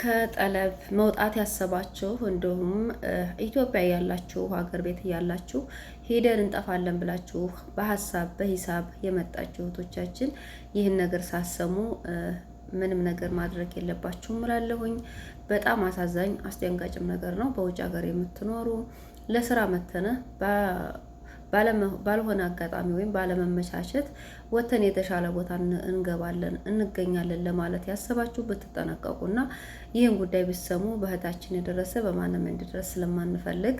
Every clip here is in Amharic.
ከጠለብ መውጣት ያሰባችሁ እንዲሁም ኢትዮጵያ ያላችሁ ሀገር ቤት ያላችሁ ሄደን እንጠፋለን ብላችሁ በሀሳብ በሂሳብ የመጣችሁ እህቶቻችን ይህን ነገር ሳሰሙ ምንም ነገር ማድረግ የለባችሁም እላለሁኝ። በጣም አሳዛኝ አስደንጋጭም ነገር ነው። በውጭ ሀገር የምትኖሩ ለስራ መተነ ባልሆነ አጋጣሚ ወይም ባለመመቻቸት ወተን የተሻለ ቦታ እንገባለን እንገኛለን ለማለት ያሰባችሁ ብትጠነቀቁና ይህን ጉዳይ ብትሰሙ በእህታችን የደረሰ በማንም እንዲደርስ ስለማንፈልግ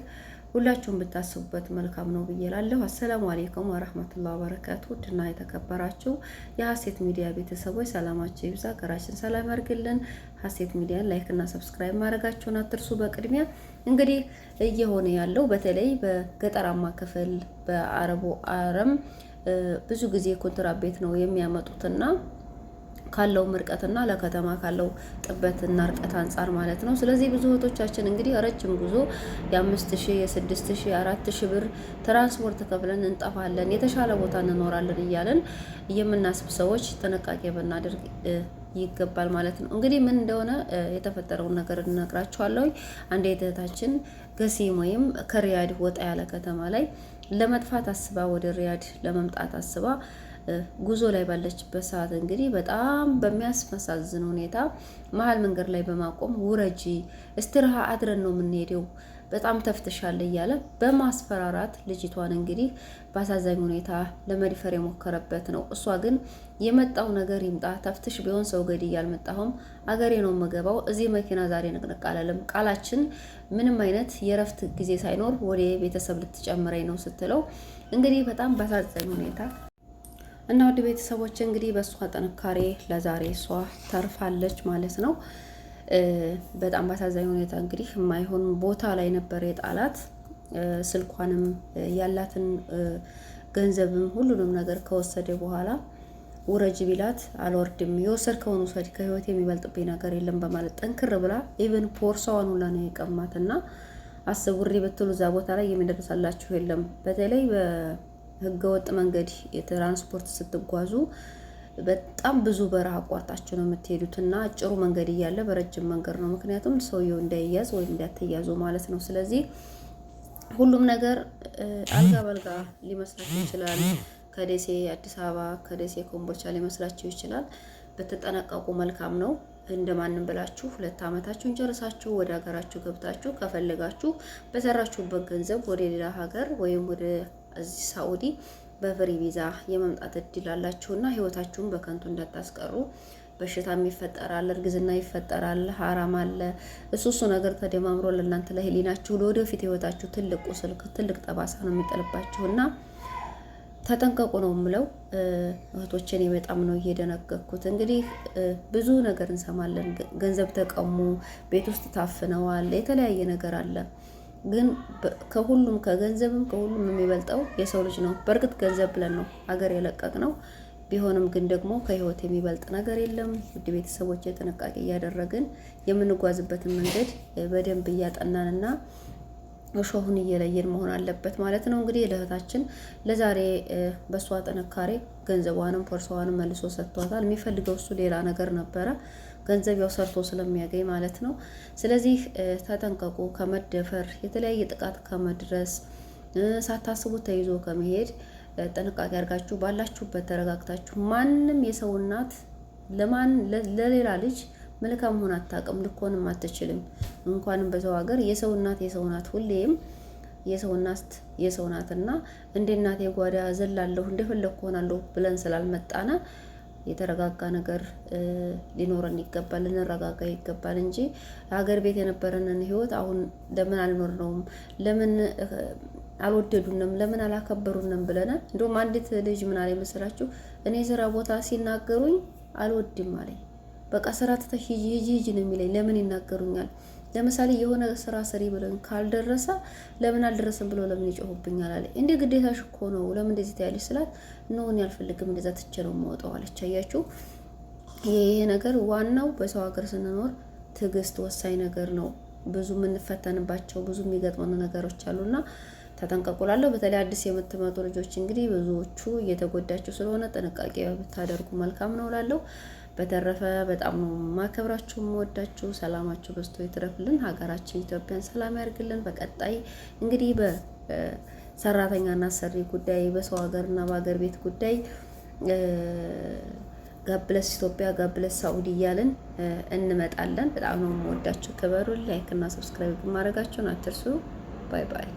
ሁላችሁም ብታስቡበት መልካም ነው ብዬ እላለሁ። አሰላሙ አሌይኩም ወረህመቱላሂ ወበረካቱ። ውድና የተከበራችሁ የሀሴት ሚዲያ ቤተሰቦች ሰላማችሁ ይብዛ፣ ሀገራችን ሰላም ያርግልን። ሀሴት ሚዲያን ላይክ እና ሰብስክራይብ ማድረጋችሁን አትርሱ። በቅድሚያ እንግዲህ እየሆነ ያለው በተለይ በገጠራማ ክፍል በአረቡ አረም ብዙ ጊዜ ኮንትራ ቤት ነው የሚያመጡትና ካለውም እርቀትና ለከተማ ካለው ጥበትና ርቀት አንጻር ማለት ነው። ስለዚህ ብዙ እህቶቻችን እንግዲህ ረጅም ጉዞ የአምስት ሺ፣ የስድስት ሺ፣ አራት ሺ ብር ትራንስፖርት ከፍለን እንጠፋለን፣ የተሻለ ቦታ እንኖራለን እያለን የምናስብ ሰዎች ጥንቃቄ ብናደርግ ይገባል ማለት ነው። እንግዲህ ምን እንደሆነ የተፈጠረውን ነገር እነግራችኋለሁ። አንድ እህታችን ገሲም ወይም ከሪያድ ወጣ ያለ ከተማ ላይ ለመጥፋት አስባ ወደ ሪያድ ለመምጣት አስባ ጉዞ ላይ ባለችበት ሰዓት እንግዲህ በጣም በሚያስመሳዝን ሁኔታ መሀል መንገድ ላይ በማቆም ውረጂ፣ እስትርሃ አድረን ነው የምንሄደው፣ በጣም ተፍትሻል እያለ በማስፈራራት ልጅቷን እንግዲህ በአሳዛኝ ሁኔታ ለመድፈር የሞከረበት ነው። እሷ ግን የመጣው ነገር ይምጣ፣ ተፍትሽ ቢሆን ሰው ገድ እያልመጣሁም አገሬ ነው የምገባው፣ እዚህ መኪና ዛሬ ንቅንቅ አላለም፣ ቃላችን ምንም አይነት የእረፍት ጊዜ ሳይኖር ወደ ቤተሰብ ልትጨምረኝ ነው ስትለው እንግዲህ በጣም በአሳዛኝ ሁኔታ እና ውድ ቤተሰቦች እንግዲህ በእሷ ጥንካሬ ለዛሬ እሷ ተርፋለች ማለት ነው። በጣም ባሳዛኝ ሁኔታ እንግዲህ የማይሆን ቦታ ላይ ነበር የጣላት። ስልኳንም ያላትን ገንዘብም ሁሉንም ነገር ከወሰደ በኋላ ውረጅ ቢላት አልወርድም፣ የወሰድከውን ውሰድ፣ ከህይወት የሚበልጥብኝ ነገር የለም በማለት ጠንክር ብላ ኢቨን ፖርሳዋን ሁላ ነው የቀማት እና አስቡሪ ብትሉ እዛ ቦታ ላይ የሚደርሳላችሁ የለም በተለይ ህገወጥ መንገድ የትራንስፖርት ስትጓዙ በጣም ብዙ በረሃ አቋርጣችሁ ነው የምትሄዱት እና አጭሩ መንገድ እያለ በረጅም መንገድ ነው። ምክንያቱም ሰውየው እንዳይያዝ ወይም እንዳትያዙ ማለት ነው። ስለዚህ ሁሉም ነገር አልጋ በልጋ ሊመስላችሁ ይችላል። ከደሴ አዲስ አበባ፣ ከደሴ ኮምቦቻ ሊመስላችሁ ይችላል። በተጠነቀቁ መልካም ነው። እንደማንም ብላችሁ ሁለት ዓመታችሁን ጨርሳችሁ ወደ ሀገራችሁ ገብታችሁ ከፈለጋችሁ በሰራችሁበት ገንዘብ ወደ ሌላ ሀገር ወይም ወደ እዚህ ሳኡዲ በፍሪ ቪዛ የመምጣት እድል አላችሁና ህይወታችሁን በከንቱ እንዳታስቀሩ። በሽታም ይፈጠራል፣ እርግዝና ይፈጠራል፣ ሀራም አለ። እሱ እሱ ነገር ተደማምሮ ለእናንተ ለህሊናችሁ ለወደፊት ህይወታችሁ ትልቅ ቁስል ትልቅ ጠባሳ ነው የሚጥልባችሁና ተጠንቀቁ ነው የምለው እህቶችን እኔ በጣም ነው እየደነገግኩት። እንግዲህ ብዙ ነገር እንሰማለን። ገንዘብ ተቀሙ፣ ቤት ውስጥ ታፍነዋል፣ የተለያየ ነገር አለ። ግን ከሁሉም ከገንዘብም ከሁሉም የሚበልጠው የሰው ልጅ ነው። በእርግጥ ገንዘብ ብለን ነው አገር የለቀቅ ነው። ቢሆንም ግን ደግሞ ከህይወት የሚበልጥ ነገር የለም። ውድ ቤተሰቦች ጥንቃቄ እያደረግን የምንጓዝበትን መንገድ በደንብ እያጠናንና እሾሁን እየለየን መሆን አለበት ማለት ነው። እንግዲህ ለእህታችን ለዛሬ በእሷ ጥንካሬ ገንዘቧንም ፖርሰዋንም መልሶ ሰጥቷታል። የሚፈልገው እሱ ሌላ ነገር ነበረ። ገንዘብ ያው ሰርቶ ስለሚያገኝ ማለት ነው። ስለዚህ ተጠንቀቁ፣ ከመደፈር የተለያየ ጥቃት ከመድረስ ሳታስቡ ተይዞ ከመሄድ ጥንቃቄ አድርጋችሁ ባላችሁበት ተረጋግታችሁ። ማንም የሰው እናት ለማን ለሌላ ልጅ መልካም መሆን አታውቅም፣ ልኮንም አትችልም። እንኳንም በሰው ሀገር የሰው እናት የሰው ናት ሁሌም የሰው እናት የሰው ናትና እንደ እናቴ ጓዳ ዘላለሁ እንደፈለግ ሆናለሁ ብለን ስላልመጣነ የተረጋጋ ነገር ሊኖረን ይገባል፣ ልንረጋጋ ይገባል እንጂ ሀገር ቤት የነበረንን ህይወት አሁን ለምን አልኖርነውም፣ ለምን አልወደዱንም፣ ለምን አላከበሩንም ብለናል። እንደውም አንዲት ልጅ ምን አለ መሰላችሁ? እኔ ስራ ቦታ ሲናገሩኝ አልወድም አለኝ። በቃ ስራ ትተሽ ሂጂ ሂጂ ሂጂ ነው የሚለኝ። ለምን ይናገሩኛል? ለምሳሌ የሆነ ስራ ስሪ ብለን ካልደረሰ ለምን አልደረሰም ብሎ ለምን ይጮሁብኛል አለ። እንዴ ግዴታሽ እኮ ነው ለምን እንደዚህ ትያለሽ ስላት ነው እኔ አልፈልግም እንደዛ ትቼ ነው የምወጣው አለች። አያችሁ ይሄ ነገር ዋናው በሰው ሀገር ስንኖር ትዕግስት ወሳኝ ነገር ነው። ብዙ የምንፈተንባቸው ብዙ የሚገጥመን ነገሮች አሉና ተጠንቀቁላለሁ። በተለይ አዲስ የምትመጡ ልጆች እንግዲህ ብዙዎቹ እየተጎዳችሁ ስለሆነ ጥንቃቄ ብታደርጉ መልካም ነው እላለሁ። በተረፈ በጣም ነው ማከብራችሁ የምወዳችሁ። ሰላማችሁ በዝቶ ይትረፍልን። ሀገራችን ኢትዮጵያን ሰላም ያርግልን። በቀጣይ እንግዲህ በሰራተኛና ሰሪ ጉዳይ፣ በሰው ሀገርና በሀገር ቤት ጉዳይ ጋብለስ ኢትዮጵያ ጋብለስ ሳኡዲ እያልን እንመጣለን። በጣም ነው የምወዳችሁ። ክበሩን ላይክ እና ሰብስክራይብ ማድረጋችሁን አትርሱ። ባይ ባይ።